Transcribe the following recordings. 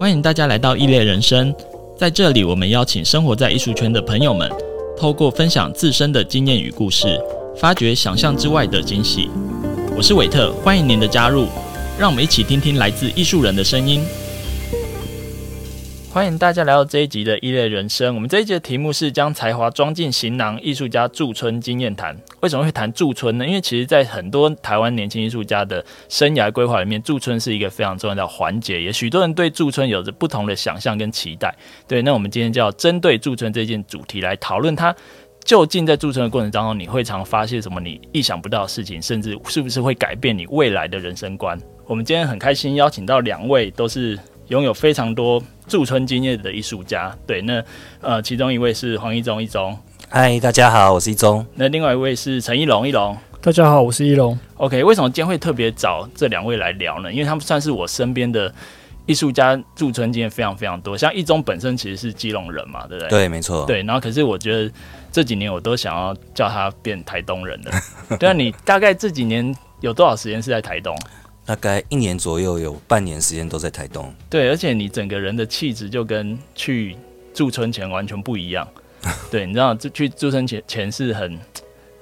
歡迎大家來到異類人生，在這裡，我們邀請生活在藝術圈的朋友們，透過分享自身的經驗與故事，發掘想象之外的驚喜。我是韋特，歡迎您的加入，讓我們一起聽聽來自藝術人的聲音。歡迎大家來到這一集的《異類人生》。我們這一集的題目是“將才華裝進行囊”，藝術家駐村經驗談。為什麼會談駐村呢？因為其實，在很多台灣年輕藝術家的生涯規劃裡面，駐村是一個非常重要的環節。也許多人對駐村有着不同的想象跟期待。對，那我們今天就要針對駐村這件主題來討論，它究竟在駐村的過程當中，你會常發現什麼你意想不到的事情，甚至是不是會改變你未來的人生觀？我們今天很開心邀請到兩位都是。擁有非常多駐村經驗的藝術家，對，那呃，其中一位是黃亦中、亦中，嗨，大家好，我是亦中。那另外一位是陳奕龍、奕龍，大家好，我是奕龍。OK，為什麼今天會特別找這兩位來聊呢？因為他們算是我身邊的藝術家駐村經驗非常非常多。像亦中本身其實是基隆人嘛，對不對？對，沒錯。對，然後可是我覺得這幾年我都想要叫他變台東人的。 對啊，你大概這幾年有多少時間是在台東？大概一年左右，有半年時間都在台東。對，而且你整個人的氣質就跟去駐村前完全不一樣。 對，你知道去去駐村前前是很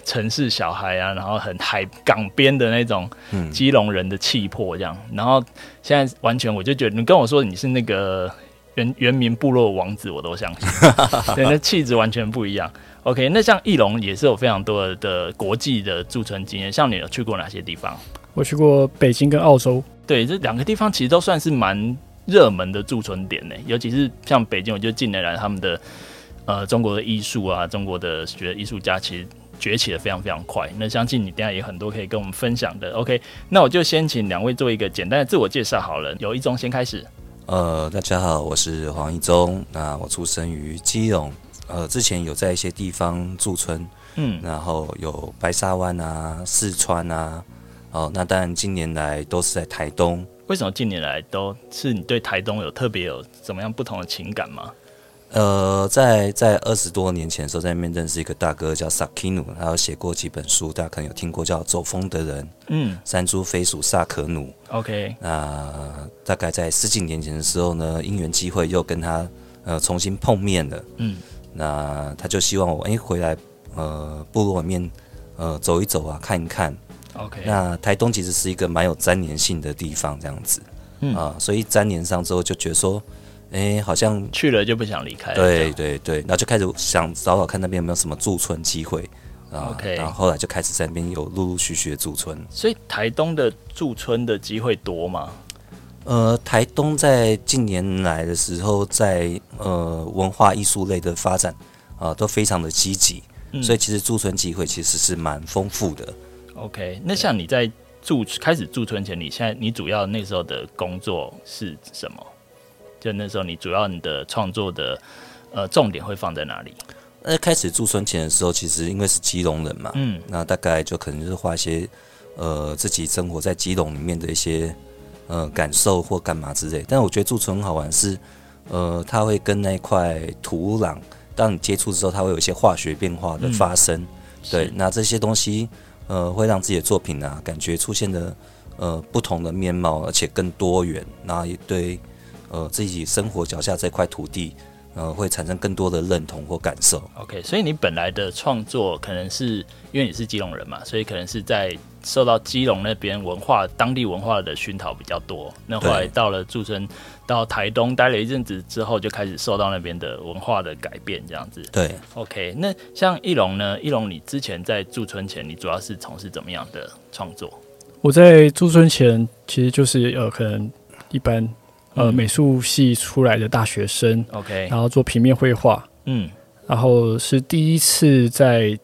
城市小孩啊，然後很海港邊的那種基隆人的氣魄這樣、嗯。然後現在完全，我就覺得你跟我說你是那個原原民部落王子，我都相信。 對，那氣質完全不一樣。OK，那像奕龍也是有非常多的，的國際的駐村經驗，像你有去過哪些地方？我去過北京跟澳洲，對，這兩個地方其實都算是蠻熱門的駐村點呢。尤其是像北京，我覺得近年來他們的呃，中國的藝術啊，中國的學藝術家其實崛起得非常非常快。那相信你等下也有很多可以跟我們分享的。OK，那我就先請兩位做一個簡單的自我介紹好了。黃亦中，先開始。呃，大家好，我是黃亦中。那我出生於基隆，呃，之前有在一些地方駐村，嗯，然後有白沙灣啊、四川啊。哦，那當然，近年來都是在台東。為什麼近年來都是你對台東有特別有怎麼樣不同的情感嗎？呃，在在二十多年前的時候，在那邊認識一個大哥叫薩克努，他有寫過幾本書，大家可能有聽過叫《走風的人》。嗯，山豬飛鼠薩克努。OK。那大概在十幾年前的時候呢，因緣機會又跟他呃重新碰面了。嗯，那他就希望我哎、欸、回來呃部落裡面呃走一走啊，看一看。OK，那台東其實是一個蠻有粘連性的地方，這樣子，嗯、啊，所以粘連上之後就覺得說，哎、欸，好像去了就不想離開了。對對對，然後就開始想找找看那邊有沒有什麼駐村機會。啊，OK，然後後來就開始在那邊有陸陸續續的駐村。所以台東的駐村的機會多嗎？呃，台東在近年來的時候在，在呃文化藝術類的發展啊，都非常的積極、嗯，所以其實駐村機會其實是蠻豐富的。OK，那像你在駐開始駐村前，你現在你主要那時候的工作是什麼？就那時候你主要你的創作的呃重點會放在哪裡？那開始駐村前的時候，其實因為是基隆人嘛，嗯，那大概就可能是畫一些呃自己生活在基隆裡面的一些呃感受或幹嘛之類的。但是我覺得駐村好玩是呃，他會跟那塊土壤，當你接觸的時候，它會有一些化學變化的發生。嗯、對，那這些東西。呃，會讓自己的作品呢、啊，感覺出現的，呃，不同的面貌，而且更多元，那也對，呃，自己生活腳下這塊土地，呃，會產生更多的認同或感受。OK，所以你本來的創作，可能是因為你是基隆人嘛，所以可能是在。受到基隆那邊文化，當地文化的熏陶比較多。那後來到了駐村，到台東待了一陣子之後，就開始受到那邊的文化的改變，這樣子。對，OK。那像奕龍呢？奕龍，你之前在駐村前，你主要是從事怎麼樣的創作？我在駐村前，其實就是呃，可能一般呃美術系出來的大學生，OK，嗯。然後做平面繪畫，嗯。然後是第一次在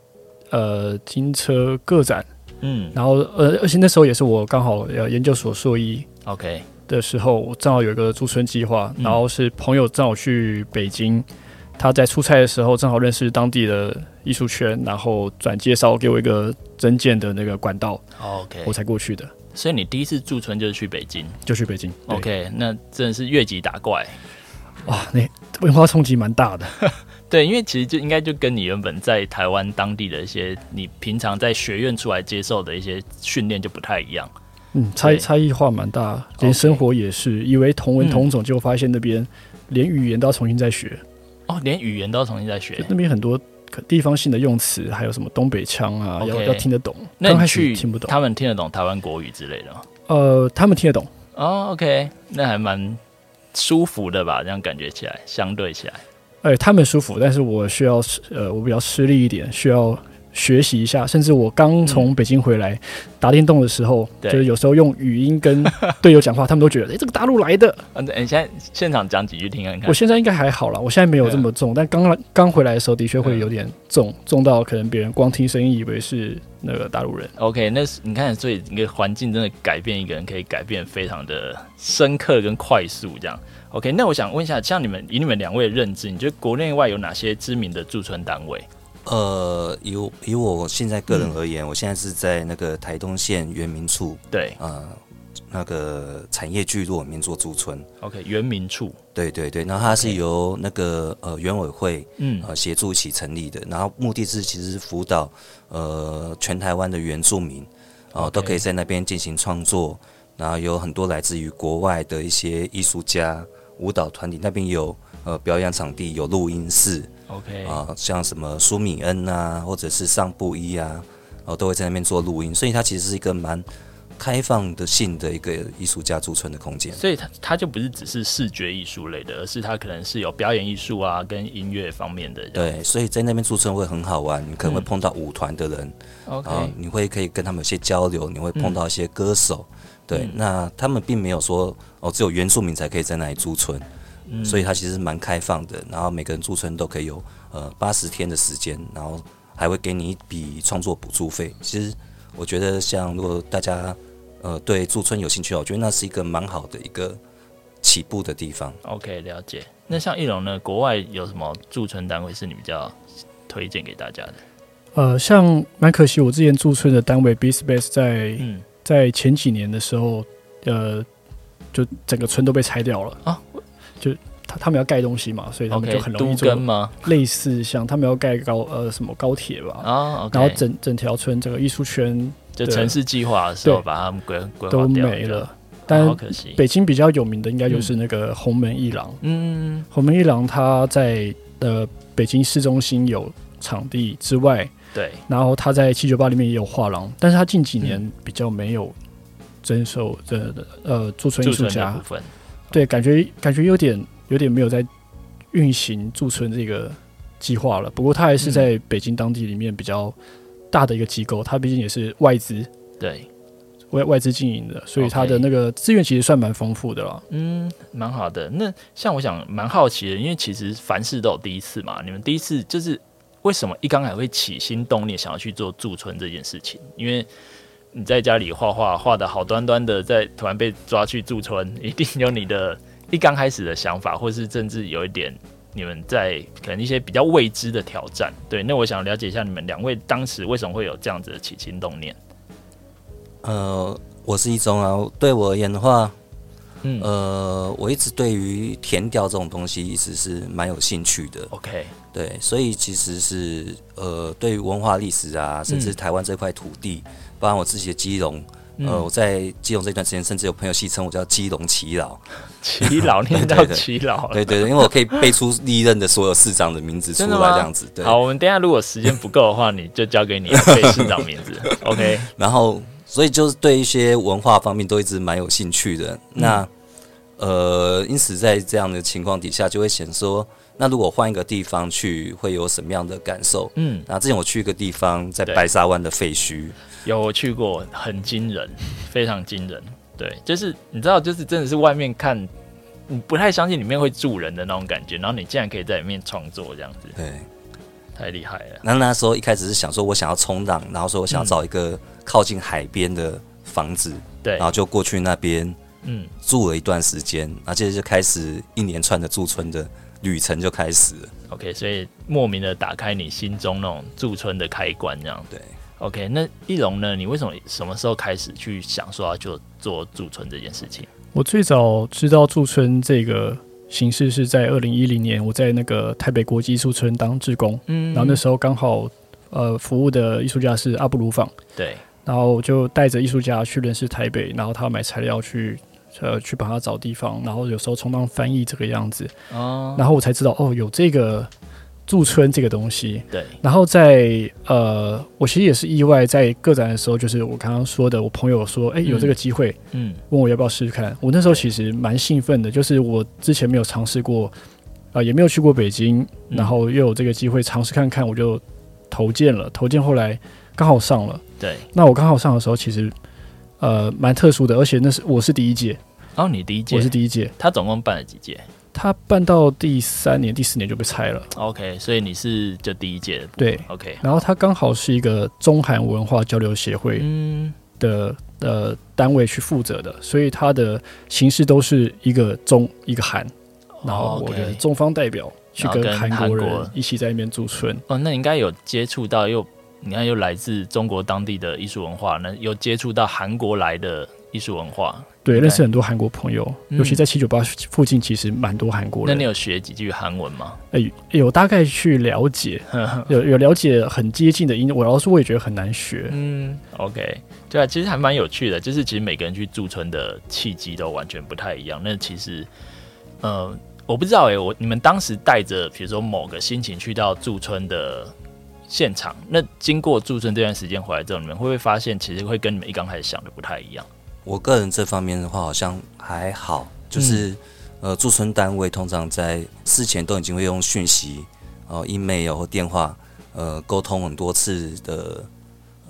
呃金車個展。嗯，然後呃，而且那時候也是我剛好要、呃、研究所碩一，OK 的時候，okay. 我正好有一個駐村計劃，嗯，然後是朋友正好去北京，他在出差的時候正好認識當地的藝術圈，然後轉介紹給我一個針見的那個管道，OK，我才過去的。所以你第一次駐村就是去北京，就去北京，OK，那真的是越級打怪，哇，那文化衝擊蠻大的。 對，因為其實就應該就跟你原本在台灣當地的一些，你平常在學院出來接受的一些訓練就不太一樣。嗯，差、okay. 差異化蠻大，連生活也是，okay. 以為同文同種，就、嗯、發現那邊連語言都要重新再學。哦，連語言都要重新再學，那邊很多地方性的用詞，還有什麼東北腔啊，okay. 要要聽得懂。剛開始聽不懂，他們聽得懂台灣國語之類的嗎？呃，他們聽得懂。哦、oh，OK，那還蠻舒服的吧？這樣感覺起來，相對起來。哎，他們舒服，但是我需要，呃，我比較吃力一點，需要學習一下。甚至我剛從北京回來、嗯、打電動的時候，就是有時候用語音跟隊友講話， 他們都覺得，哎、欸，這個大陸來的。嗯，你現在現場講幾句，聽啊，你看。我現在應該還好啦，我現在沒有這麼重，嗯、但剛剛剛回來的時候，的確會有點重，嗯、重到可能別人光聽聲音以為是那個大陸人。OK，那是你看，所以一個環境真的改變一個人，可以改變非常的深刻跟快速，這樣。OK，那我想問一下，像你們以你們兩位的認知，你覺得國內外有哪些知名的駐村單位？呃，以我以我現在個人而言、嗯，我現在是在那個台東縣原民處，對，呃，那個產業聚落裡面做駐村。OK，原民處，對對對，那它是由那個、okay、呃原委會，嗯，協助一起成立的，然後目的是其實是輔導呃全台灣的原住民，哦、呃 okay，都可以在那邊進行創作，然後有很多來自於國外的一些藝術家。舞蹈團體那邊有呃表演場地，有錄音室，OK 啊，像什麼舒米恩啊，或者是桑布伊啊，然、啊、後都會在那邊做錄音，所以它其實是一個蠻開放的性的一個藝術家駐村的空間，所以它他，他就不是只是視覺藝術類的，而是它可能是有表演藝術啊跟音樂方面的。對，所以在那邊駐村會很好玩，你可能會碰到舞團的人、嗯，然後你會可以跟他們有些交流，你會碰到一些歌手。嗯、對，那他們並沒有說哦只有原住民才可以在那裡駐村、嗯，所以它其實蠻開放的。然後每個人駐村都可以有呃八十天的時間，然後還會給你一筆創作補助費。其實我覺得像如果大家呃，對駐村有興趣，我覺得那是一個蠻好的一個起步的地方。OK，了解。那像奕龍呢，國外有什麼駐村單位是你比較推薦給大家的？呃，像蠻可惜，我之前駐村的單位 B Space 在、嗯、在前幾年的時候，呃，就整個村都被拆掉了啊。就他他們要蓋東西嘛，所以他們就很容易。都更嗎？類似像他們要蓋高呃什麼高鐵吧啊、哦 okay，然後整整條村整個藝術圈。就城市計劃的時候，把他們規規劃掉都沒了。但北京比較有名的應該就是那個紅門藝廊。嗯，紅門藝廊他在呃北京市中心有場地之外，對。然後他在七九八裡面也有畫廊，但是他近幾年比較沒有徵收的呃駐村藝術家，對，感覺感覺有點有點沒有在運行駐村這個計劃了。不過他還是在北京當地裡面比較，大的一個機構，它畢竟也是外資，對，外外資經營的，所以它的那個資源其實算蠻豐富的了。Okay. 嗯，蠻好的。那像我想蠻好奇的，因為其實凡事都有第一次嘛。你們第一次就是為什麼一剛才會起心動念想要去做駐村這件事情？因為你在家裡畫畫畫得好端端的，在突然被抓去駐村，一定有你的一剛開始的想法，或是甚至有一點。你們在可能一些比較未知的挑戰，對？那我想了解一下你們兩位當時為什麼會有這樣子的起心動念？呃，我是亦中啊，對我而言的話，嗯，呃，我一直對於田調這種東西一直是蠻有興趣的。OK，對，所以其實是呃，對於文化歷史啊，甚至台灣這塊土地，嗯、包括我自己的基隆。嗯、呃，我在基隆這段時間，甚至有朋友戲稱我叫基隆耆老，耆老念到耆老，對對對，對，因為我可以背出歷任的所有市長的名字出來，這樣子。對好，我們等一下如果時間不夠的話，你就交給你背市長名字。 OK。然後，所以就是對一些文化方面都一直蠻有興趣的。那呃，因此在這樣的情況底下，就會想說，那如果換一個地方去，會有什麼樣的感受？嗯，啊，之前我去一個地方，在白沙灣的廢墟。有我去過，很驚人，非常驚人。對，就是你知道，就是真的是外面看，你不太相信裡面會住人的那種感覺，然後你竟然可以在裡面創作這樣子，對，太厲害了。那那時候一開始是想說，我想要衝浪，然後說我想要找一個靠近海邊的房子，對、嗯，然後就過去那邊，嗯，住了一段時間、嗯，然後就開始一連串的駐村的旅程就開始了。OK，所以莫名的打開你心中那種駐村的開關，這樣對。OK，那奕龍呢？你為什麼什麼時候開始去想說要就做做駐村這件事情？我最早知道駐村這個形式是在二零一零年，我在那個台北國際藝術村當志工，嗯，嗯，然後那時候剛好，呃，服務的藝術家是阿布魯坊，對，然後我就帶着藝術家去認識台北，然後他買材料去，呃，去幫他找地方，然後有時候充當翻譯這個樣子，哦，然後我才知道哦，有這個。駐村這個東西，對，然後在呃，我其實也是意外，在個展的時候，就是我剛剛說的，我朋友說，哎、欸，有這個機會，嗯，嗯，問我要不要試試看。我那時候其實蠻興奮的，就是我之前沒有嘗試過，啊、呃，也沒有去過北京，然後又有這個機會嘗試看看，我就投件了。投件後來剛好上了，對。那我剛好上的時候，其實呃蠻特殊的，而且那是我是第一屆，哦，你第一屆，我是第一屆。他總共辦了幾屆？他辦到第三年，第四年就被拆了。OK，所以你是就第一屆的。對，OK。然後他剛好是一個中韓文化交流協會的、嗯呃、單位去負責的，所以他的形式都是一個中一個韓，然後我的中方代表、哦 okay、去跟韓國人一起在那邊駐村、邊駐村。哦，那應該有接觸到又你看又來自中國當地的藝術文化，那有接觸到韓國來的。藝術文化，對，認識很多韓國朋友、嗯，尤其在七九八附近，其實蠻多韓國人。那你有學幾句韓文嗎？哎、欸，有、欸、大概去了解， 有有了解很接近的音，我老實說我也覺得很難學。嗯，OK，對啊，其實還蠻有趣的，就是其實每個人去駐村的契機都完全不太一樣。那其實，呃，我不知道哎、欸，我你們當時帶着比如說某個心情去到駐村的現場，那經過駐村這段時間回來之後，你們會不會發現其實會跟你們一剛開始想的不太一樣？我個人這方面的話，好像還好，就是、嗯、呃，駐村單位通常在事前都已經會用訊息、哦、呃、email 或電話，呃，溝通很多次的，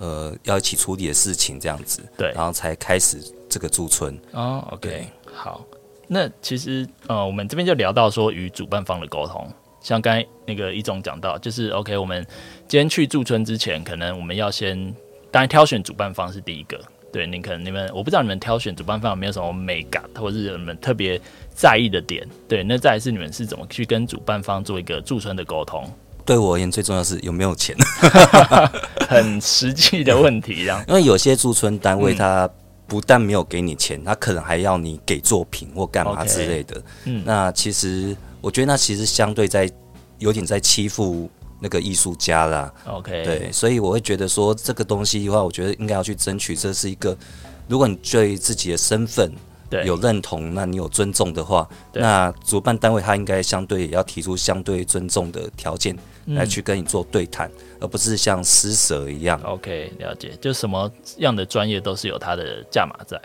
呃，要一起處理的事情這樣子，對，然後才開始這個駐村哦 OK，好，那其實呃，我們這邊就聊到說與主辦方的溝通，像剛才那個亦中講到，就是 OK，我們今天去駐村之前，可能我們要先，當然挑選主辦方是第一個。對，你可能你們我不知道你們挑選主辦方有沒有什麼美感，或者是你們特別在意的點？對，那再來是你們是怎麼去跟主辦方做一個駐村的溝通？對我而言，最重要是有沒有錢， 很實際的問題，這樣、嗯。因為有些駐村單位，他不但沒有給你錢，他可能還要你給作品或幹嘛之類的。Okay, 嗯，那其實我覺得，那其實相對在有點在欺負。那個藝術家啦，OK，對，所以我會覺得說這個東西的話，我覺得應該要去爭取。這是一個，如果你對自己的身份有認同，對，那你有尊重的話，那主辦單位他應該相對也要提出相對尊重的條件來去跟你做對談，嗯，而不是像施舍一樣。OK，了解。就什麼樣的專業都是有他的價碼在。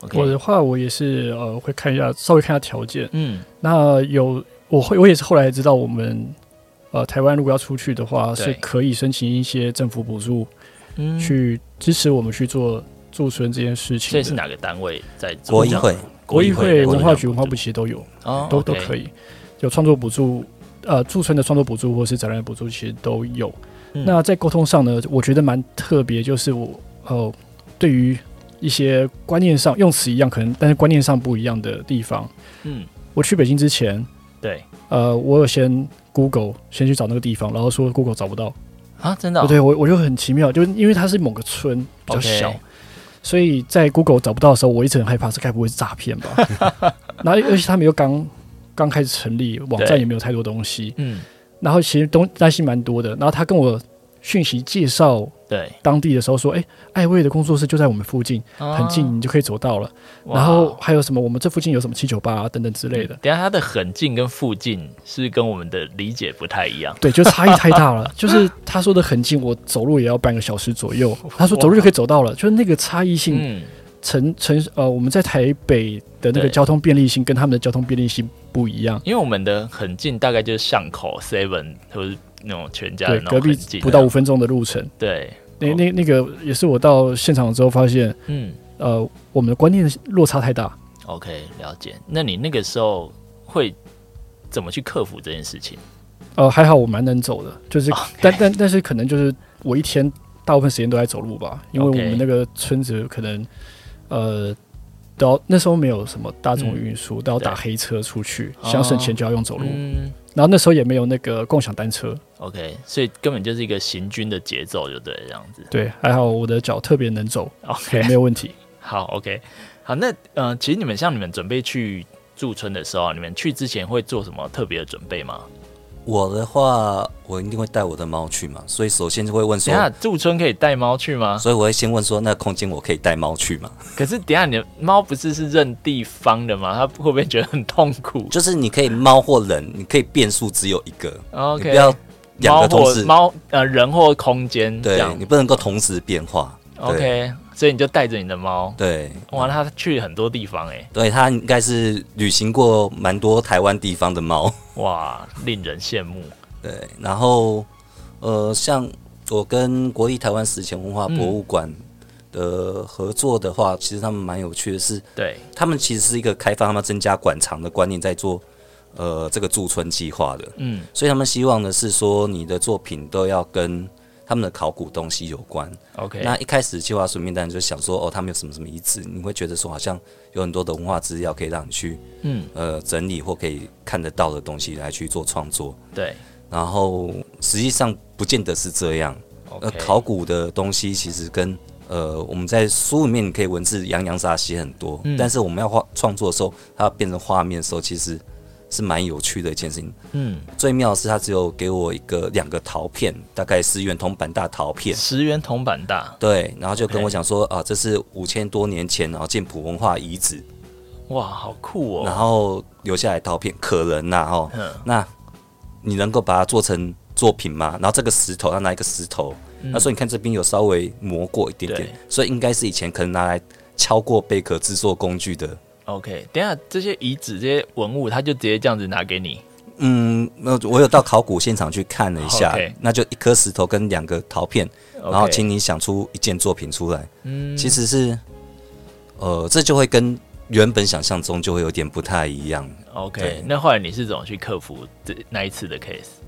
Okay. 我的話，我也是呃，會看一下，稍微看一下條件。嗯，那有，我會，我也是後來知道我們。呃，台灣如果要出去的話，是可以申請一些政府補助，嗯，去支持我們去做駐村這件事情。這是哪個單位在做？國藝會？國藝會、國藝會文化局、文化部其實都有，哦，都、okay，都可以有創作補助，呃，駐村的創作補助或是展覽補助其實都有。嗯，那在溝通上呢，我覺得蠻特別，就是我哦，呃，對於一些觀念上用詞一樣，可能但是觀念上不一樣的地方。嗯，我去北京之前，對，呃，我有先。Google 先去找那個地方，然後說 Google 找不到啊，真的，哦，對我，我就很奇妙，就是因為它是某個村比較小，okay. 所以在 Google 找不到的時候，我一直很害怕，這該不會是詐騙吧？ 然後，而且他們又剛剛開始成立網站，也沒有太多東西。嗯，然後其實東擔心蠻多的。然後他跟我。訊息介紹，對當地的時候說，誒、欸，艾薇的工作室就在我們附近，啊、很近，你就可以走到了。然後還有什麼？我們這附近有什麼七九八啊等等之類的。嗯、等下他的很近跟附近是跟我們的理解不太一樣，對，就差異太大了。 就是他說的很近，我走路也要半個小時左右。他說走路就可以走到了，就是那個差異性、嗯。城城呃，我們在台北的那個交通便利性跟他們的交通便利性不一樣，因為我們的很近，大概就是巷口 seven，或是，是那種全家，隔壁不到五分鐘的路程。對，對對那那那個也是我到現場之後發現，嗯，呃，我們的觀念落差太大。OK，了解。那你那個時候會怎麼去克服這件事情？呃，還好我蠻能走的，就是、okay、但但但是可能就是我一天大部分時間都在走路吧，因為我們那個村子可能。呃，都那時候沒有什麼大眾運輸，都要打黑車出去，想省錢就要用走路。哦嗯。然後那時候也沒有那個共享單車，OK，所以根本就是一個行軍的節奏，就對這樣子。對，還好我的腳特別能走，OK，沒有問題。好，OK，好，那呃，其實你們像你們準備去駐村的時候，啊，你們去之前會做什麼特別的準備嗎？我的話，我一定會帶我的貓去嘛，所以首先就會問說，等下，駐村可以帶貓去嗎？所以我會先問說，那空間我可以帶貓去嗎？可是等一下你的貓不是是認地方的嗎，它會不會覺得很痛苦？就是你可以貓或人，你可以變數只有一個，okay, 你不要兩個同時貓呃人或空間這樣，對。你不能夠同時變化。OK，所以你就帶着你的貓。對，哇，它去很多地方哎、欸。對，它應該是旅行過蠻多台灣地方的貓。哇，令人羨慕。對，然後呃，像我跟國立台灣史前文化博物館的合作的話，嗯、其實他們蠻有趣的，是，對他們其實是一個開發他們要增加館藏的觀念，在做呃這個駐村計劃的。嗯，所以他們希望的是說，你的作品都要跟。他們的考古東西有關，OK。那一開始計劃書面單就想說，哦，他們有什麼什麼遺址，你會覺得說好像有很多的文化資料可以讓你去，嗯，呃，整理或可以看得到的東西來去做創作，對。然後實際上不見得是這樣，那、okay. 考古的東西其實跟呃我們在書裡面你可以文字洋洋灑灑寫很多、嗯，但是我們要畫創作的時候，它變成畫面的時候，其實。是蠻有趣的一件事情。嗯，最妙的是他只有給我一個兩個陶片，大概十元銅板大陶片，十元銅板大。對，然後就跟我講說、okay. 啊，這是五千多年前然後建普文化遺址，哇，好酷哦。然後留下來陶片，可能吶、啊哦，哦，那你能夠把它做成作品嗎？然後這個石頭，它拿一個石頭、嗯，那所以你看這邊有稍微磨過一點點，所以應該是以前可能拿來敲過貝殼制作工具的。OK，等下這些遺址、這些文物，他就直接這樣子拿給你？嗯，那我有到考古現場去看了一下，okay. 那就一顆石頭跟兩個陶片，okay. 然後請你想出一件作品出來。嗯，其實是，呃，這就會跟原本想象中就會有點不太一樣。OK，那後來你是怎麼去克服這那一次的 case？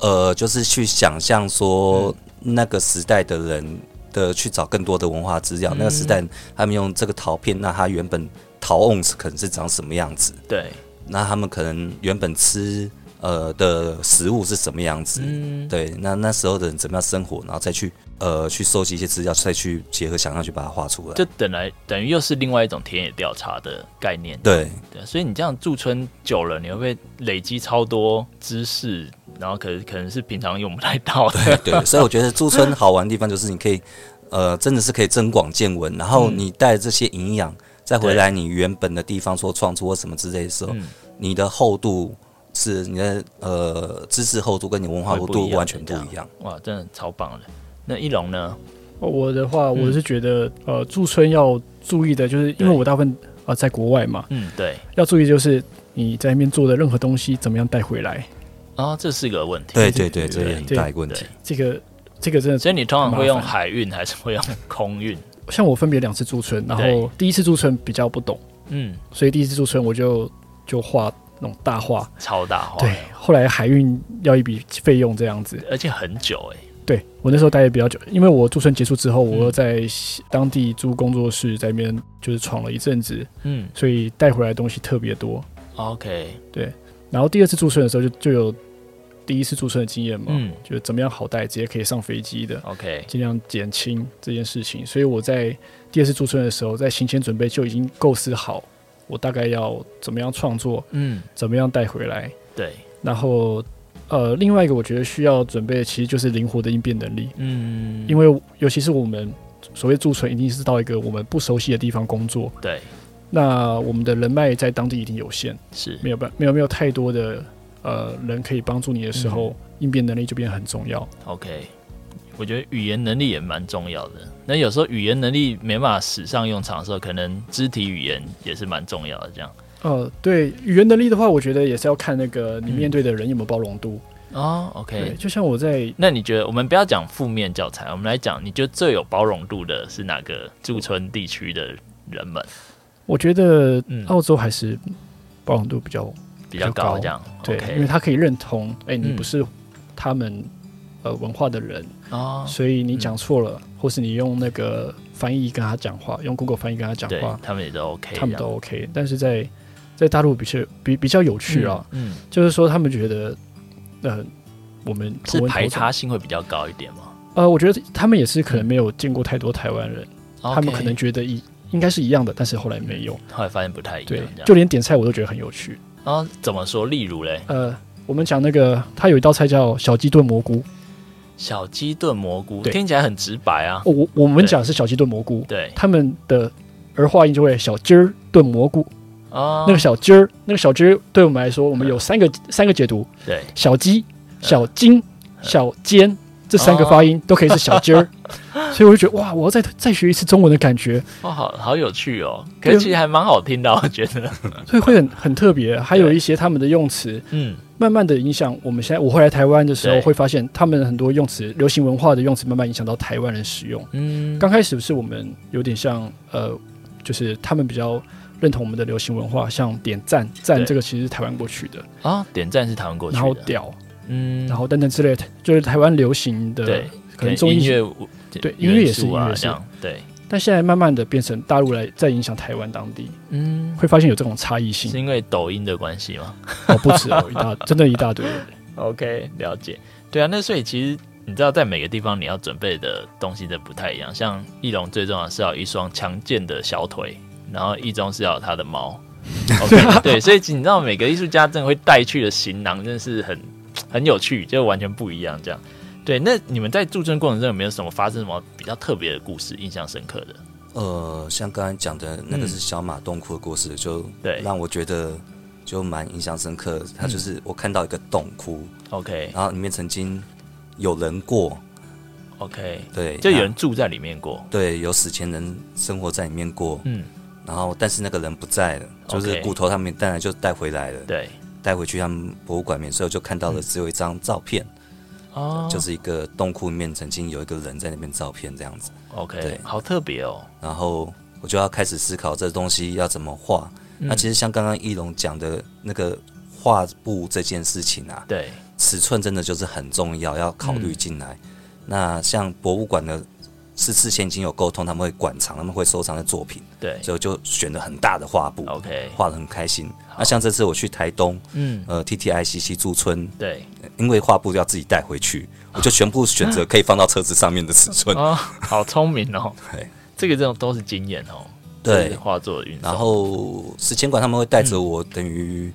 呃，就是去想象說那個時代的人的去找更多的文化資料、嗯，那個時代他們用這個陶片，那他原本。陶甕是可能是長什麼樣子？對，那他們可能原本吃呃的食物是什麼樣子？嗯、對，那那時候的人怎麼樣生活？然後再去呃去收集一些資料，再去結合想象去把它畫出來，這等來等於又是另外一種田野調查的概念。對對，所以你這樣駐村久了，你會不會累積超多知識？然後可能可能是平常用不太到的。對，對所以我覺得駐村好玩的地方就是你可以 呃真的是可以增廣見聞，然後你帶這些營養。嗯再回來你原本的地方做創作或什麼之類的時候，嗯、你的厚度是你的呃知識厚度跟你文化厚度完全不一樣，樣哇，真的超棒的。那奕龍呢？我的話，我是覺得、嗯、呃駐村要注意的就是，因為我大部分啊、呃、在國外嘛，嗯對，要注意就是你在那邊做的任何東西怎麼樣帶回來啊，這是一個問題。對對對，這是很大一個問題。這個對對對、這個、這個真的，這個這個真的，所以你通常會用海運還是會用空運？ 像我分別兩次駐村，然後第一次駐村比較不懂，嗯，所以第一次駐村我就就畫那種大畫，超大畫。對，後來海運要一筆費用這樣子，而且很久哎。對，我那時候待也比較久，因為我駐村結束之後，我又在當地租工作室，在那邊就是闖了一陣子，嗯，所以帶回來的東西特別多。OK，嗯，對，然後第二次駐村的時候就就有。第一次駐村的經驗嘛，嗯，就怎麼樣好帶，直接可以上飛機的，OK，尽量減輕這件事情。所以我在第二次駐村的時候，在行前準備就已經構思好，我大概要怎麼樣創作，嗯，怎麼樣帶回來，對。然後，呃，另外一個我覺得需要準備的其實就是靈活的應變能力，嗯，因為尤其是我們所謂駐村，一定是到一個我們不熟悉的地方工作，對。那我們的人脈在當地一定有限，是沒有辦沒有沒有太多的。呃，人可以幫助你的時候，嗯，應變能力就變得很重要。OK，我覺得語言能力也蠻重要的。那有時候語言能力沒辦法使上用場的時候，可能肢體語言也是蠻重要的。這樣。呃，對，語言能力的話，我覺得也是要看那個你面對的人有沒有包容度啊。嗯 oh, OK，就像我在……那你覺得我們不要講負面教材，我們來講，你覺得最有包容度的是哪個駐村地區的人們？嗯。我覺得澳洲還是包容度比較。比較，比較高這樣，對，okay. 因為他可以認同，哎、欸，你不是他們、嗯、呃文化的人啊、哦，所以你講錯了、嗯，或是你用那個翻譯跟他講話，用 Google 翻譯跟他講話，他們也都 OK，他們都 OK。但是在在大陸比較比比較有趣啊嗯，嗯，就是說他們覺得，呃，我們投投是排他性會比較高一點嗎？呃，我覺得他們也是可能沒有見過太多台灣人、嗯，他們可能覺得一應該是一樣的，但是後來沒有，okay. 後來發現不太一樣，對，就連點菜我都覺得很有趣。啊，哦，怎麼說？例如嘞，呃，我們講那個，他有一道菜叫小雞燉蘑菇。小雞燉蘑菇。對，聽起來很直白啊。哦，我我們講是小雞燉蘑菇。對，他們的兒化音就會小雞兒燉蘑菇啊。那個小雞兒，那個小雞兒，對我們來說，我們有三個三個解讀。對，小雞、小金、小尖。這三個發音都可以是小雞兒， 所以我就覺得，哇，我要再再學一次中文的感覺，哇，好好有趣哦，可是其實還蠻好聽的，我覺得，所以會很很特別。還有一些他們的用詞，嗯，慢慢的影響我們現在，我回來台灣的時候，會發現他們很多用詞，流行文化的用詞慢慢影響到台灣人使用。嗯，剛開始是我們有點像呃，就是他們比較認同我們的流行文化，嗯、像點贊，贊這個其實是台灣過去的啊、哦，點贊是台灣過去的，然後屌。嗯，然後等等之類的，就是台灣流行的，對，可能中音樂，對、啊、音樂也是，也是這樣，上，對。但現在慢慢的變成大陸來在影響台灣當地，嗯，會發現有這種差異性，是因為抖音的關係嗎？哦，不止哦，一大， 真的，一大堆。OK，了解。對啊，那所以其實你知道，在每個地方你要準備的東西都不太一樣。像奕龍最重要是要一雙強健的小腿，然後亦中是要它的貓、okay。 對，所以你知道每個藝術家真的會帶去的行囊真的是很。很有趣，就完全不一樣這樣。對，那你們在駐村過程中有沒有什麼發生什麼比較特別的故事，印象深刻的？呃，像剛才講的那個是小馬洞窟的故事，嗯、就讓我覺得就蠻印象深刻的。它就是我看到一個洞窟，OK，、嗯、然後裡面曾經有人過，OK，對，就有人住在裡面過，對，有史前人生活在裡面過，嗯，然後但是那個人不在了，就是骨頭他們當然就帶回來了，okay、對。帶回去他們博物館裡面，所以我就看到了只有一張照片，哦、嗯，oh. 就是一個洞窟裡面曾經有一個人在那邊照片這樣子。OK，好特別哦。然後我就要開始思考這東西要怎麼畫、嗯。那其實像剛剛奕龍講的那個畫布這件事情啊，對，尺寸真的就是很重要，要考慮進來、嗯。那像博物館的。是事前已經有溝通，他們會館藏，他們會收藏的作品，對，所以就選了很大的畫布，OK，畫得很開心。那、啊、像這次我去台東，嗯，呃，TTICC 駐村，對，因為畫布要自己帶回去、啊，我就全部選擇可以放到車子上面的尺寸，哦、啊啊啊啊，好聰明哦。 對，這個這種都是經驗哦。對，畫作的運輸。然後史前館他們會帶着我，嗯、等於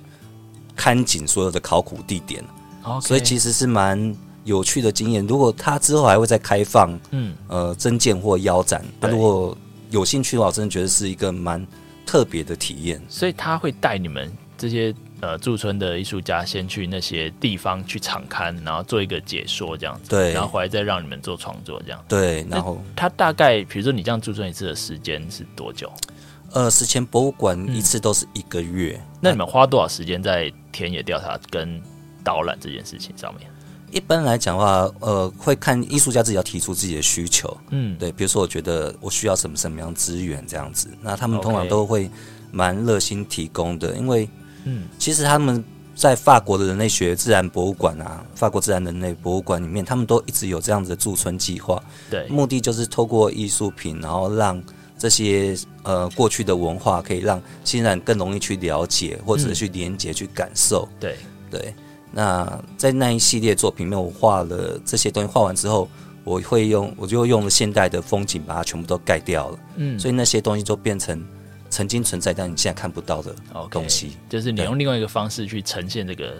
看緊所有的考古地點，okay、所以其實是蠻有趣的經驗，如果他之後還會再開放，嗯，呃，增建、或腰斬，那如果有興趣的話，我真的覺得是一個蠻特別的體驗。所以他會帶你們這些呃駐村的藝術家，先去那些地方去場勘，然後做一個解說，這樣子。對，然後回來再讓你們做創作，這樣。對，然後他大概比如說你這樣駐村一次的時間是多久？呃，史前博物館一次都是一個月。嗯，那你們花多少時間在田野調查跟導覽這件事情上面？一般來講的話，呃，會看藝術家自己要提出自己的需求，嗯，對，比如說我覺得我需要什麼什麼樣資源這樣子，那他們通常都會蠻熱心提供的，因為，嗯，其實他們在法國的人類學自然博物館啊，法國自然人類博物館裡面，他們都一直有這樣子的駐村計劃，對，目的就是透過藝術品，然後讓這些呃過去的文化可以讓新人更容易去了解或者去連接，嗯，去感受，對對。那在那一系列作品裡面，我畫了這些東西，畫完之後，我會用我就用了現代的風景把它全部都蓋掉了，嗯，所以那些東西就變成曾經存在但你現在看不到的東西，okay, 就是你用另外一個方式去呈現這個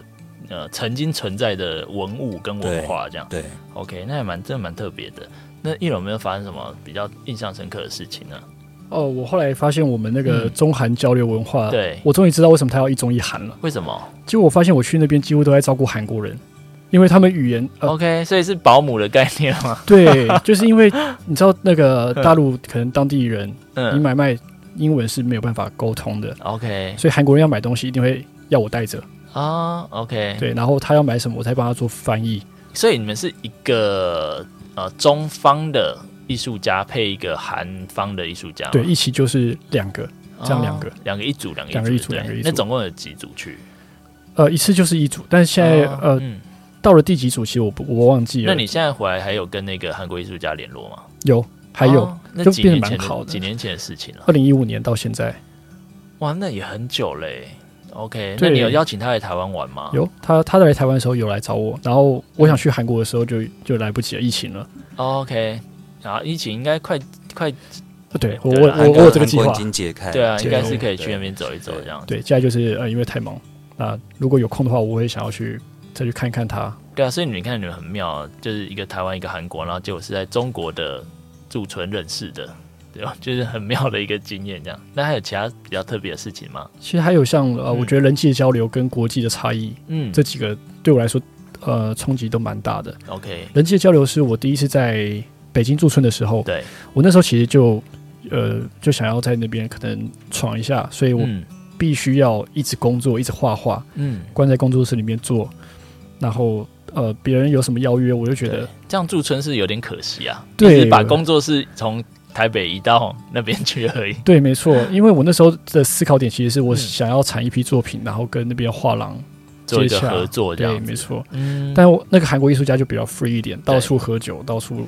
呃曾經存在的文物跟文化，這樣對，對，OK，那也蠻真的蠻特別的。那奕龍有沒有發生什麼比較印象深刻的事情呢？哦，我後來發現我們那個中韓交流文化，嗯、對，我終於知道為什麼他要一中一韓了。為什麼？結果我發現我去那邊幾乎都在照顧韓國人，因為他們語言、呃、OK，所以是保姆的概念嘛。對，就是因為 你知道那個大陸可能當地人，嗯，你買賣英文是沒有辦法溝通的、嗯。OK，所以韓國人要買東西一定會要我帶着啊。Oh, OK，對，然後他要買什麼，我才幫他做翻譯。所以你們是一個呃中方的。藝術家配一個韓方的藝術家，對，一起就是兩個，這樣兩個，兩、哦、個一組，兩個一組，兩個，個一組。那總共有幾組去？呃，一次就是一組，但是現在、哦、呃、嗯，到了第幾組，其實我不，我忘記了。那你現在回來還有跟那個韓國藝術家聯絡嗎？有，還有，哦、就變得蠻好的，幾的。幾年前的事情了，二零一五年到現在，哇，那也很久嘞、欸。OK，對，那你有邀請他來台灣玩嗎？有，他他在台灣的時候有來找我，然後我想去韓國的時候就就來不及了，疫情了。哦、OK。然後疫情應該快快，對，對我對我我我有這個計劃，對啊，對應該是可以去那邊走一走這樣。對，現在就是呃因為太忙，那如果有空的話，我會想要去再去看一看它。對啊，所以你們看你們很妙，就是一個台灣一個韓國，然後結果是在中國的駐村認識的，對吧、啊？就是很妙的一個經驗這樣。那還有其他比較特別的事情嗎？其實還有像、嗯、呃，我覺得人際的交流跟國際的差異，嗯，這幾個對我來說呃衝擊都蠻大的。OK，人際的交流是我第一次在北京駐村的時候對，我那時候其實就呃就想要在那邊可能闖一下，所以我必須要一直工作，嗯，一直畫畫，嗯，關在工作室裡面做，然後呃別人有什麼邀約，我就覺得這樣駐村是有點可惜啊，對，是把工作室從台北移到那邊去而已。對，對沒錯，因為我那時候的思考點其實是我想要產一批作品，然後跟那邊畫廊接下做一個合作這樣。對，沒錯，嗯，但我那個韓國藝術家就比較 free 一點，到處喝酒，到處。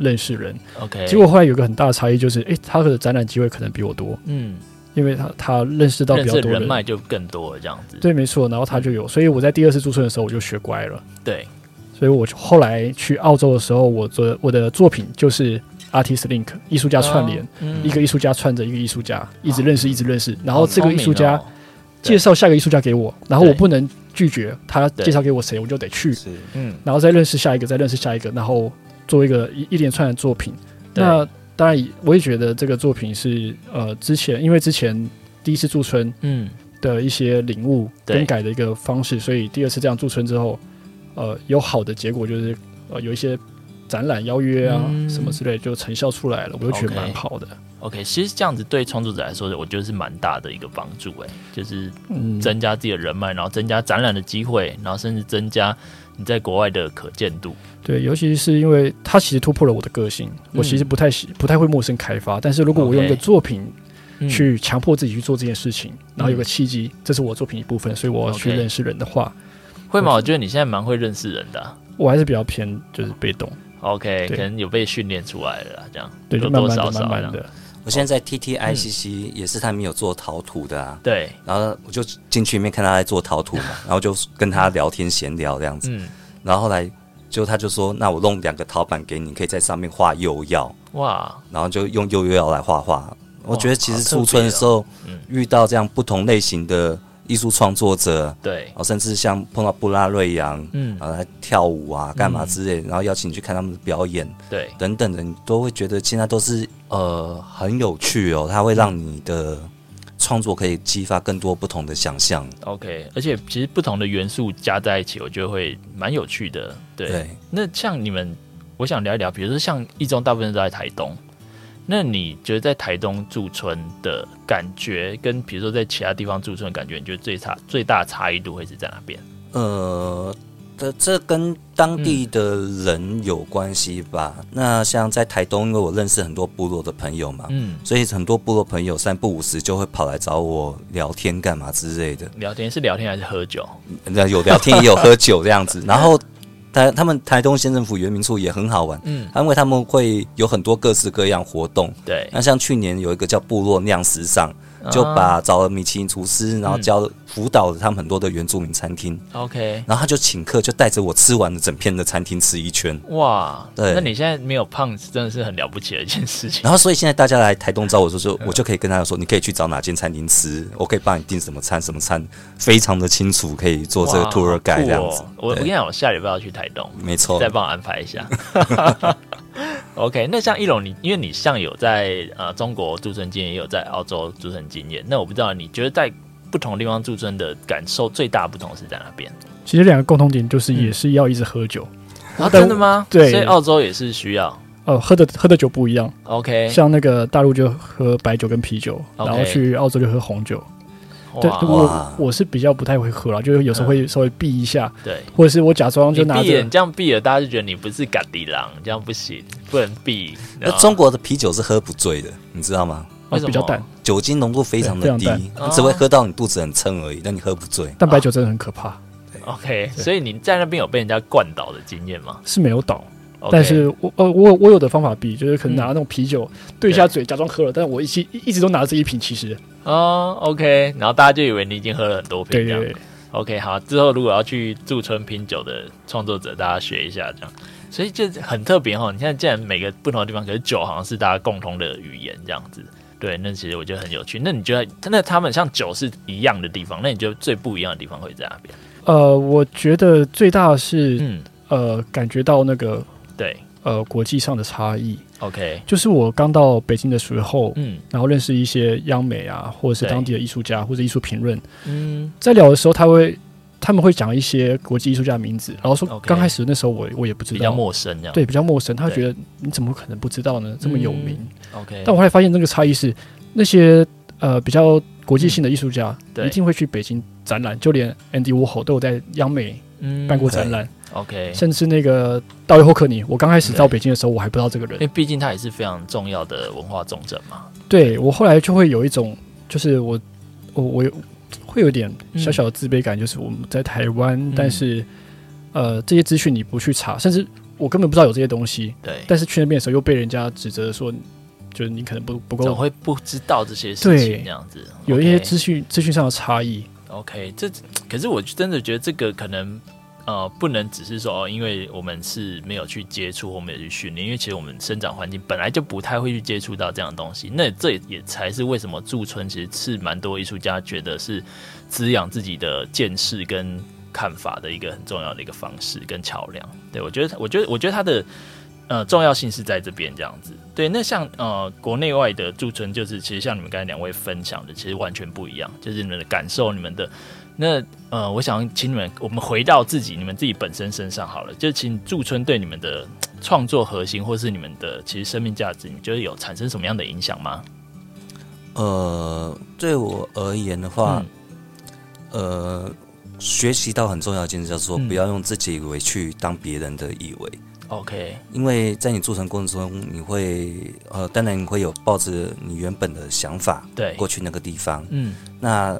認識人，OK，結果後來有一個很大的差異，就是誒、欸，他的展覽機會可能比我多，嗯，因為他他認識到比較多人脈就更多這樣子，對，沒錯，然後他就有，所以我在第二次駐村的時候，我就學乖了，對，所以我後來去澳洲的時候，我的我的作品就是 Artist Link，藝術家串聯、哦嗯，一個藝術家串着一個藝術家，一直認識，一直認識，然後這個藝術家介紹下一個藝術家給我，然後這個藝術家介紹下一個藝術家給我，然後我不能拒絕他介紹給我誰，我就得去，嗯，然後再認識下一個，再認識下一個，然後。做一個一一連串的作品，那當然，我也覺得這個作品是呃之前，因為之前第一次駐村，嗯的一些領悟，更改的一個方式，所以第二次這樣駐村之後，呃，有好的結果就是呃有一些展覽邀約啊、嗯、什麼之類，就成效出來了，我就覺得蠻好的。Okay, OK，其實這樣子對創作者來說，我覺得是蠻大的一個幫助誒、欸，就是嗯增加自己的人脈，然後增加展覽的機會，然後甚至增加你在國外的可見度。對，尤其是因為他其實突破了我的個性，嗯、我其實不太喜、不太會陌生開發。但是如果我用一個作品去強迫自己去做這件事情，嗯、然後有個契機，這是我作品一部分，所以我要去認識人的話，嗯 okay、會嗎？我覺得你現在蠻會認識人的、啊，我還是比較偏就是被動。嗯、OK，可能有被訓練出來的這樣，有、okay, 多少少的。我現在在 TTICC 也是他們有做陶土的啊，對、哦嗯。然後我就進去裡面看他在做陶土嘛， 然後就跟他聊天閒聊這樣子，嗯、然後後來。就他就說，那我弄兩個陶板給你，可以在上面畫釉藥哇，wow. 然後就用釉藥來畫畫。Wow, 我覺得其實駐村的時候、哦嗯，遇到這樣不同類型的藝術創作者，對、啊，甚至像碰到布拉瑞揚，嗯，啊，跳舞啊，幹嘛之類、嗯，然後邀請你去看他們的表演，對，等等的，你都會覺得現在都是呃很有趣哦，他會讓你的。嗯創作可以激發更多不同的想象。OK，而且其實不同的元素加在一起，我覺得會蠻有趣的。對。對，那像你們，我想聊一聊，比如說像亦中大部分都在台東，那你覺得在台東駐村的感覺，跟比如說在其他地方駐村的感覺，你覺得最差、最大差異度會是在哪邊？呃。這這跟當地的人有關係吧、嗯。那像在台東，因為我認識很多部落的朋友嘛，嗯，所以很多部落朋友三不五時就會跑來找我聊天、幹嘛之類的。聊天是聊天還是喝酒？有聊天也有喝酒這樣子。 然後台他們台東縣政府原民處也很好玩，嗯，因為他們會有很多各式各樣活動。對，那像去年有一個叫部落釀時尚。就把找了米其林廚師，嗯，然後教輔導他們很多的原住民餐廳。OK，嗯，然後他就請客，就帶着我吃完了整片的餐廳吃一圈。哇，對，那你現在沒有胖，真的是很了不起的一件事情。然後所以現在大家來台東找我，說我就可以跟他說，你可以去找哪間餐廳吃， 我可以幫你訂什麼餐，什麼餐，非常的清楚，可以做這個 tour guide 這樣子。我我跟你講，我下禮拜要去台東，沒錯，再幫我安排一下。 OK，那像奕龍，你因為你像有在呃中國駐村經驗，也有在澳洲駐村經驗，那我不知道你覺得在不同地方駐村的感受最大不同是在哪邊？其實兩個共同點就是也是要一直喝酒啊，嗯 oh, 真的嗎？對，所以澳洲也是需要哦、呃，喝的喝的酒不一樣。OK，像那個大陸就喝白酒跟啤酒，okay. 然後去澳洲就喝紅酒。對，我我是比較不太會喝了，就是有時候會稍微避一下，嗯、對，或者是我假裝就閉眼，你避你這樣閉了，大家就覺得你不是干迪狼。這樣不行，不能閉。那 中國的啤酒是喝不醉的，你知道嗎？為什麼？比較淡，酒精濃度非常的低，你只會喝到你肚子很撐而已，但你喝不醉。但白酒真的很可怕。啊、OK，對，所以你在那邊有被人家灌倒的經驗嗎？是沒有倒，但是我、okay. 呃，我我有的方法比就是可能拿那種啤酒對一下嘴，假裝喝了，但是我一一直都拿着這一瓶，其實啊、oh,，OK，然後大家就以為你已經喝了很多瓶這樣，對，OK，好，之後如果要去駐村品酒的創作者，大家學一下這樣，所以這很特別哈，你現在既然每個不同的地方，可是酒好像是大家共同的語言這樣子，對，那其實我覺得很有趣，那你覺得那他們像酒是一樣的地方，那你覺得最不一樣的地方會在哪邊？呃，我覺得最大是，是、嗯、呃，感覺到那個。對，呃，國際上的差異，OK，就是我剛到北京的時候，嗯，然後認識一些央美啊，或者是當地的藝術家或者藝術評論，嗯，在聊的時候，他會他們會講一些國際藝術家的名字，然後說，剛開始那時候我 okay, 我也不知道，比較陌生，對，比較陌生，他會覺得你怎麼可能不知道呢？嗯、這麼有名、嗯、OK，但我後來發現這個差異是那些呃比較國際性的藝術家、嗯、一定會去北京展覽，就連 Andy Warhol 都有在央美。嗯，辦過展覽，OK，甚至那個大衛霍克尼，我剛開始到北京的時候，我還不知道這個人，因為畢竟他也是非常重要的文化重鎮嘛。對，我後來就會有一種，就是我我我有會有一點小小的自卑感，嗯、就是我們在台灣、嗯，但是呃這些資訊你不去查，甚至我根本不知道有這些東西。對，但是去那邊的時候又被人家指責說，就是你可能不不夠，總會不知道這些事情，這樣子，對，有一些資訊資訊上的差異。OK，這可是我真的覺得這個可能，呃，不能只是說哦，因為我們是沒有去接觸，或沒有去訓練，因為其實我們生長環境本來就不太會去接觸到這樣的東西。那這也也才是為什麼駐村其實是蠻多藝術家覺得是滋養自己的見識跟看法的一個很重要的一個方式跟橋梁。對我覺得，我覺得，我覺得他的。呃，重要性是在這邊這樣子。對，那像呃國內外的駐村，就是其實像你們剛才兩位分享的，其實完全不一樣。就是你們的感受，你們的那呃，我想請你們，我們回到自己，你們自己本身身上好了。就請駐村對你們的創作核心，或是你們的其實生命價值，你覺得有產生什麼樣的影響嗎？呃，對我而言的話，嗯、呃，學習到很重要的一件事叫做、嗯、不要用自己以為去當別人的以為。OK，因為在你做成過程中，你會呃，當然你會有抱着你原本的想法，對，過去那個地方，嗯，那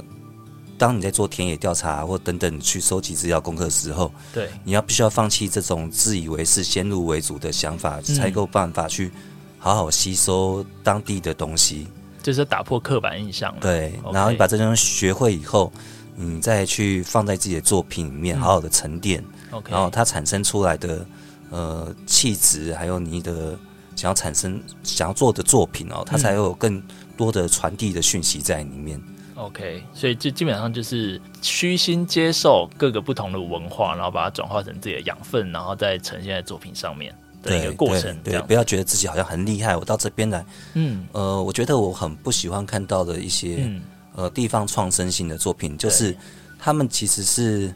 當你在做田野調查或等等去收集資料功課的時候，對，你要必須要放棄這種自以為是、先入為主的想法，嗯、才夠辦法去好好吸收當地的東西，就是打破刻板印象，對，okay, 然後你把這些東西學會以後，你再去放在自己的作品裡面，好好的沉澱、嗯 okay, 然後它產生出來的、呃，氣質還有你的想要產生、想要做的作品哦，它才有更多的傳遞的訊息在裡面，嗯。OK，所以就基本上就是虛心接受各個不同的文化，然後把它轉化成自己的養分，然後再呈現在作品上面的一個過程對對。對，不要覺得自己好像很厲害，我到這邊來。嗯，呃，我覺得我很不喜歡看到的一些、嗯、呃地方創生性的作品，就是他們其實是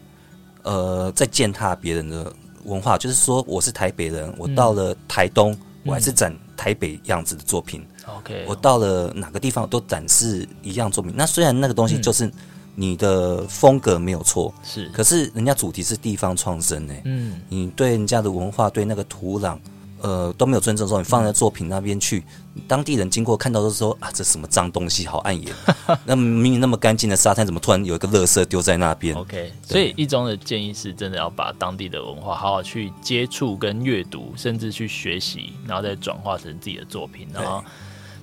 呃在踐踏別人的。文化，就是說，我是台北人，我到了台東，嗯，我還是展台北樣子的作品。OK，嗯，我到了哪個地方都展示一樣作品。那雖然那個東西就是你的風格沒有錯，是，嗯，可是人家主題是地方創生誒、欸，嗯，你對人家的文化，對那個土壤，呃，都沒有尊重的時候，你放在作品那邊去，當地人經過看到都說啊，這是什麼髒東西，好礙眼。 那明明那麼乾淨的沙灘，怎麼突然有一個垃圾丟在那邊？OK，所以亦中的建議是，真的要把當地的文化好好去接觸、跟閱讀，甚至去學習，然後再轉化成自己的作品，然後。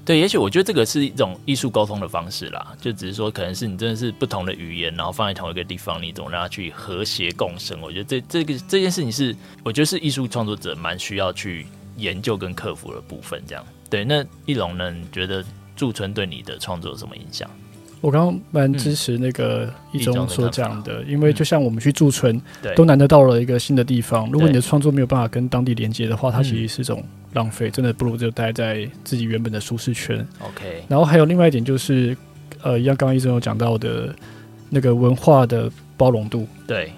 對，也許我覺得這個是一種藝術溝通的方式啦，就只是說，可能是你真的是不同的語言，然後放在同一個地方，你總讓它去和諧共生？我覺得這這個這件事情是，我覺得是藝術創作者蠻需要去研究跟克服的部分。這樣，對，那奕龍呢？你覺得駐村對你的創作有什麼影響？我剛剛蠻支持那個亦中所講的，嗯的，因為就像我們去駐村，嗯，都難得到了一個新的地方。如果你的創作沒有辦法跟當地連接的話，它其實是種。浪費真的不如就待在自己原本的舒適圈。OK，然後還有另外一點就是，呃，一樣剛剛亦中有講到的那個文化的包容度。對，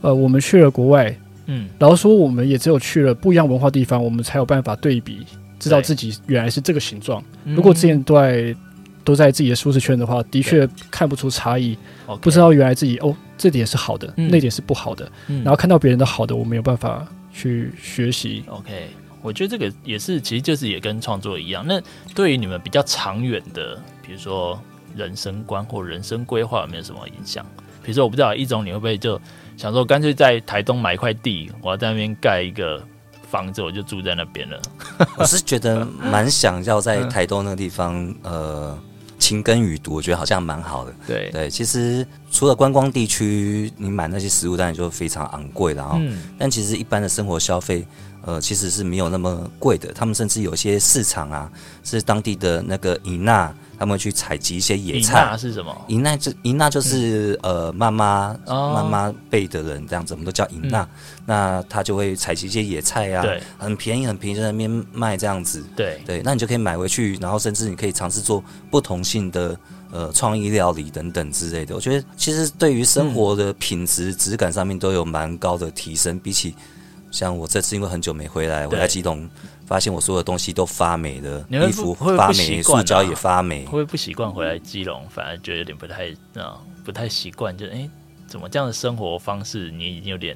呃，我們去了國外，嗯，然後說我們也只有去了不一樣文化的地方，我們才有辦法對比，知道自己原來是這個形狀、嗯。如果這一段都在自己的舒適圈的話，的確看不出差異、OK，不知道原來自己哦，這點是好的，嗯、那點是不好的。嗯、然後看到別人的好的，我沒有辦法去學習。OK。我覺得這個也是，其實就是也跟創作一樣。那對於你們比較長遠的，比如說人生觀或人生規劃，有沒有什麼影響？比如說，我不知道亦中你會不會就想說，乾脆在台東買一塊地，我要在那邊蓋一個房子，我就住在那邊了。 我是覺得蠻想要在台東那個地方，呃。晴耕雨讀，我覺得好像蠻好的對。對對，其實除了觀光地區，你買那些食物當然就非常昂貴了哈、喔嗯。但其實一般的生活消費，呃，其實是沒有那麼貴的。他們甚至有些市場啊，是當地的那個以納。他們會去採集一些野菜。尹娜是什麼？尹娜就尹娜就是，嗯，呃媽媽媽媽輩的人這樣子，我們都叫尹娜，嗯。那她就會採集一些野菜啊，嗯，很便宜很便宜，很便宜在那邊賣這樣子。對對，那你就可以買回去，然後甚至你可以嘗試做不同性的呃創意料理等等之類的。我覺得其實對於生活的品質，嗯，質感上面都有蠻高的提升，比起像我這次因為很久沒回來，回來基隆。發現我所有的東西都發霉了會，衣服發霉，塑膠也發霉。會不會不習慣、啊、回來基隆，反而覺得有點不太，啊，不太習慣，就哎、欸，怎麼這樣的生活方式，你已經有點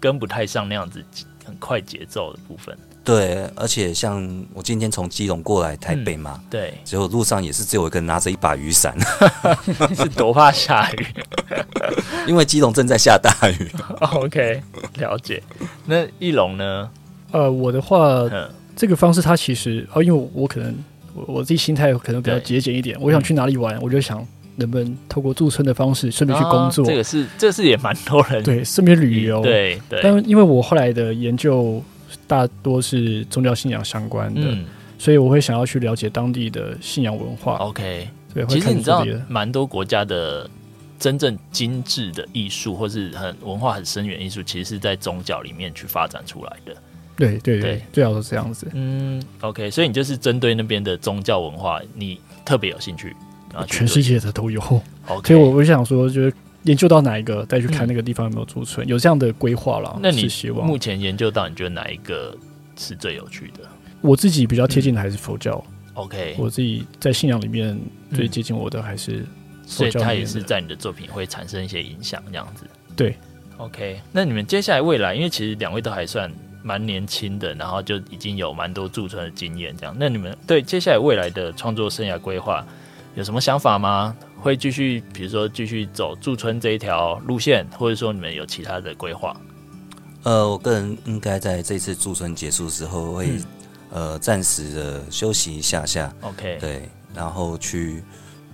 跟不太上那樣子很快節奏的部分對。對，而且像我今天從基隆過來台北嘛，嗯、對，結果路上也是只有一個人拿着一把雨傘， 是多怕下雨， 因為基隆正在下大雨。OK，了解。那奕龍呢？呃，我的話，這個方式它其實，哦，因為我可能我我自己心態可能比較節儉一點，我想去哪裡玩，嗯，我就想能不能透過駐村的方式順便去工作。啊、這個是，這個、是也蠻多人對，順便旅遊、嗯、對對。但因為我後來的研究大多是宗教信仰相關的，嗯、所以我會想要去了解當地的信仰文化。嗯、OK，對。其實會看你知道，蠻多國家的真正精致的藝術，或是很文化很深遠的藝術，其實是在宗教裡面去發展出來的。對對對，對，最好是這樣子。嗯，OK，所以你就是針對那邊的宗教文化，你特別有興趣啊？全世界的都有，OK。所以我想說，就是研究到哪一個，再去看那個地方有沒有駐村，嗯，有這樣的規劃了。那你希望目前研究到，你覺得哪一個是最有趣的？我自己比較貼近的還是佛教，嗯。OK，我自己在信仰裡面最接近我的還是佛教，嗯。所以它也是在你的作品會產生一些影響，這樣子。對，OK。那你們接下來未來，因為其實兩位都還算。蠻年輕的，然後就已經有蠻多駐村的經驗，這樣。那你們對接下來未來的創作生涯規劃有什麼想法嗎？會繼續，比如說繼續走駐村這一條路線，或者說你們有其他的規劃？呃，我個人應該在這次駐村結束之後，會、嗯、呃暫時的休息一下下。OK。對，然後去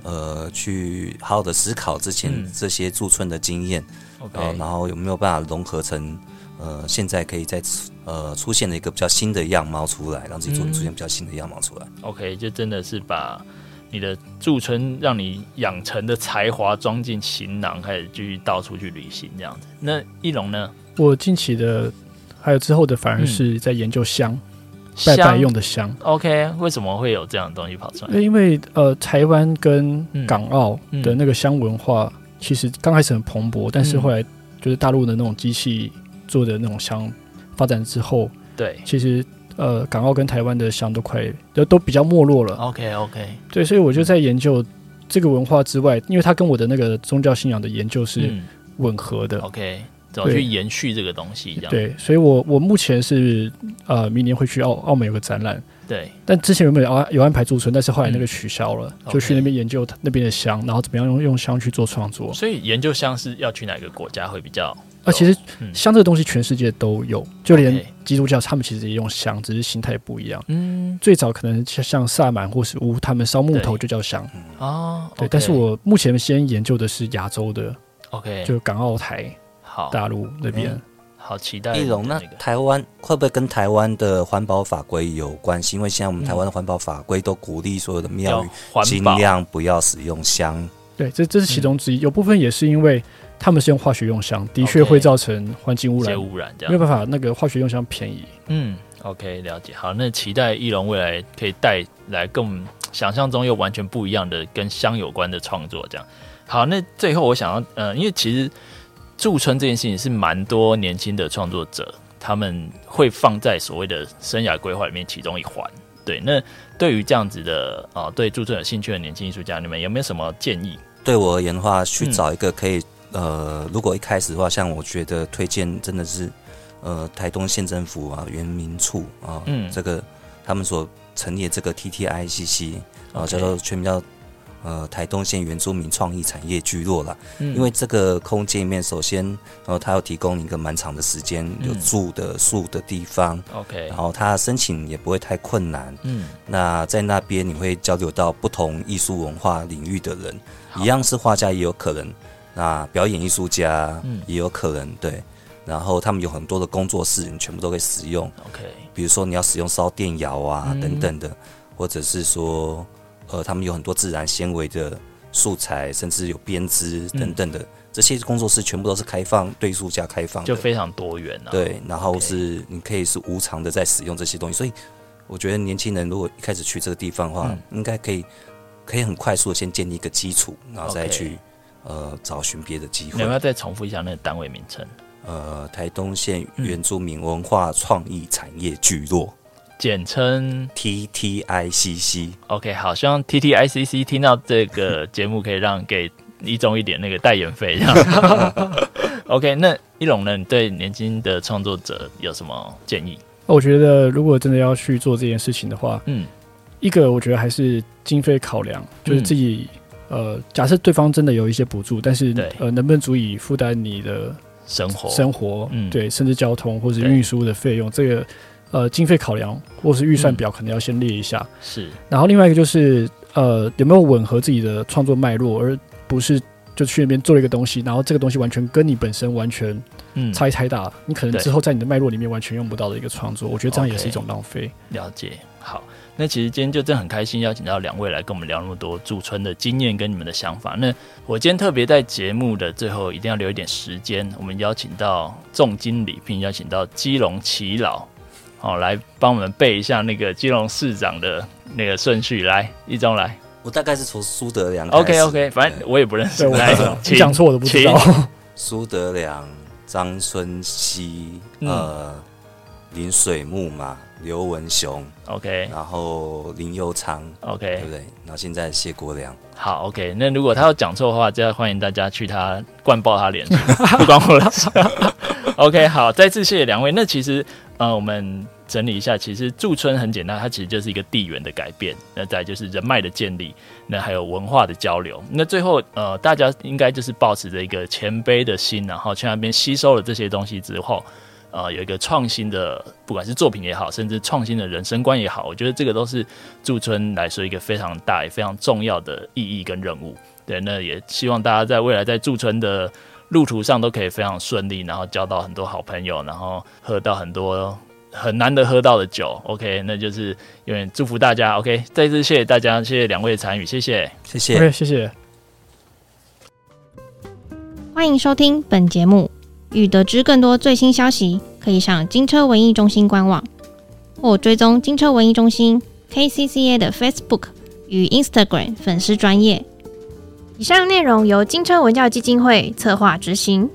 呃去好好的思考之前這些駐村的經驗、嗯。OK。然後有沒有辦法融合成？呃，現在可以再呃出現了一個比較新的樣貌出來，讓自己作品出現比較新的樣貌出來。嗯、OK，就真的是把你的貯存、讓你養成的才華裝進行囊，開始繼續到處去旅行這樣子。那奕龍呢？我近期的還有之後的，反而是在研究香，香、嗯、拜拜用的香、香。OK，為什麼會有這樣的東西跑出來？因為呃，台灣跟港澳的那個香文化、嗯、其實剛開始很蓬勃、嗯，但是後來就是大陸的那種機器。做的那種香發展之後，對，其實呃，港澳跟台灣的香都快都都比較沒落了。OK OK，對，所以我就在研究這個文化之外，嗯、因為它跟我的那個宗教信仰的研究是吻合的。嗯、OK，怎麼去延續這個東西？這樣對，所以我我目前是呃，明年會去澳澳門有個展覽，對。但之前有沒有安有安排駐村？但是後來那個取消了，嗯 okay. 就去那邊研究那邊的香，然後怎麼樣用用香去做創作？所以研究香是要去哪個國家會比較？啊，其實香這個東西全世界都有。嗯，就連基督教他們其實也用香，okay, 只是形態不一樣。嗯，最早可能像像薩滿或是巫，他們燒木頭就叫香、嗯、哦，對，okay, 但是我目前先研究的是亞洲的，OK，就港澳台大陸，大陸那邊。好期待。奕龍，那個，那台灣會不會跟台灣的環保法規有關係？因為現在我們台灣的環保法規都鼓勵所有的廟宇盡、哦、量不要使用香。嗯、對，這這是其中之一，有部分也是因為。他們是用化學用香，的確會造成環境污染，okay, 污染這樣沒有辦法。那個化學用香便宜，嗯，OK，了解。好，那期待奕龍未來可以帶來更想象中又完全不一樣的跟香有關的創作，這樣。好，那最後我想要，嗯、呃，因為其實駐村這件事情是蠻多年輕的創作者他們會放在所謂的生涯規劃裡面其中一環。對，那對於這樣子的啊、哦，對駐村有興趣的年輕藝術家，你們有沒有什麼建議？對我而言的話，去找一個可以、嗯。呃，如果一開始的話，像我覺得推薦真的是，呃，台東縣政府啊，原民處啊、呃、嗯，這個他們所成立的這個 TTICC、呃、啊，okay. 叫做全名叫呃台東縣原住民創意產業聚落啦，嗯，因為這個空間裡面，首先，然後他要提供一個蠻長的時間有住的、嗯、住的地方，OK，然後他申請也不會太困難，嗯，那在那邊你會交流到不同藝術文化領域的人，一樣是畫家也有可能。那表演藝術家，嗯，也有可能、嗯、對。然後他們有很多的工作室，你全部都可以使用。OK，比如說你要使用燒電窯啊、嗯、等等的，或者是說，呃，他們有很多自然纖維的素材，甚至有編織等等的。嗯、這些工作室全部都是開放，對藝術家開放的，就非常多元啊。對，然後是你可以是無償的在使用這些東西，okay, 所以我覺得年輕人如果一開始去這個地方的話，嗯、應該可以可以很快速的先建立一個基礎，然後再去。Okay, 呃，找尋別的機會。你要不要再重複一下那個單位名稱。呃，台東縣原住民文化創意產業聚落，嗯、簡稱 T T I C C。OK，好，希望 T T I C C 聽到這個節目，可以讓給亦中一點那個代言費。 OK，那奕龍呢？你對年輕的創作者有什麼建議？我覺得，如果真的要去做這件事情的話，嗯，一個我覺得還是經費考量，就是自己。呃，假設對方真的有一些補助，但是呃，能不能足以負擔你的生活，生活？嗯，對，甚至交通或者運輸的費用，這個呃經費考量或是預算表，嗯，可能要先列一下。是。然後另外一個就是，呃，有沒有吻合自己的創作脈絡，而不是就去那邊做一個東西，然後這個東西完全跟你本身完全差異太大，嗯，你可能之後在你的脈絡裡面完全用不到的一個創作，嗯，我覺得這樣也是一種浪費。Okay。了解。那其實今天就真的很開心，邀請到兩位來跟我們聊那麼多駐村的經驗跟你們的想法。那我今天特別在節目的最後一定要留一點時間，我們邀請到總經理，並邀請到基隆耆老，好、喔，來幫我們背一下那個基隆市長的那個順序。來，亦中來，我大概是從蘇德良。OK OK，反正我也不認識。來，講錯我都不知道。蘇德良、張春熙，呃。嗯林水木嘛，劉文雄，OK，然後林右昌，OK，對不對？然後現在謝國樑，好，OK。那如果他要講錯的話，就要歡迎大家去他灌爆他臉，不管我了 OK，好，再次謝謝兩位。那其實，呃，我們整理一下，其實駐村很簡單，它其實就是一個地緣的改變，那再就是人脈的建立，那還有文化的交流。那最後，呃，大家應該就是抱持着一個謙卑的心，然後去那邊吸收了這些東西之後。呃，有一個創新的，不管是作品也好，甚至創新的人生觀也好，我覺得這個都是駐村來說一個非常大也非常重要的意義跟任務。對，那也希望大家在未來在駐村的路途上都可以非常順利，然後交到很多好朋友，然後喝到很多很難得喝到的酒。OK，那就是永遠祝福大家。OK，再次謝謝大家，謝謝兩位的參與，謝謝，謝謝，okay, 謝謝，歡迎收聽本節目。欲得知更多最新消息，可以上金車文藝中心官網，或追蹤金車文藝中心 KCCA 的 Facebook 與 Instagram 粉絲專頁。以上內容由金車文教基金會策劃執行。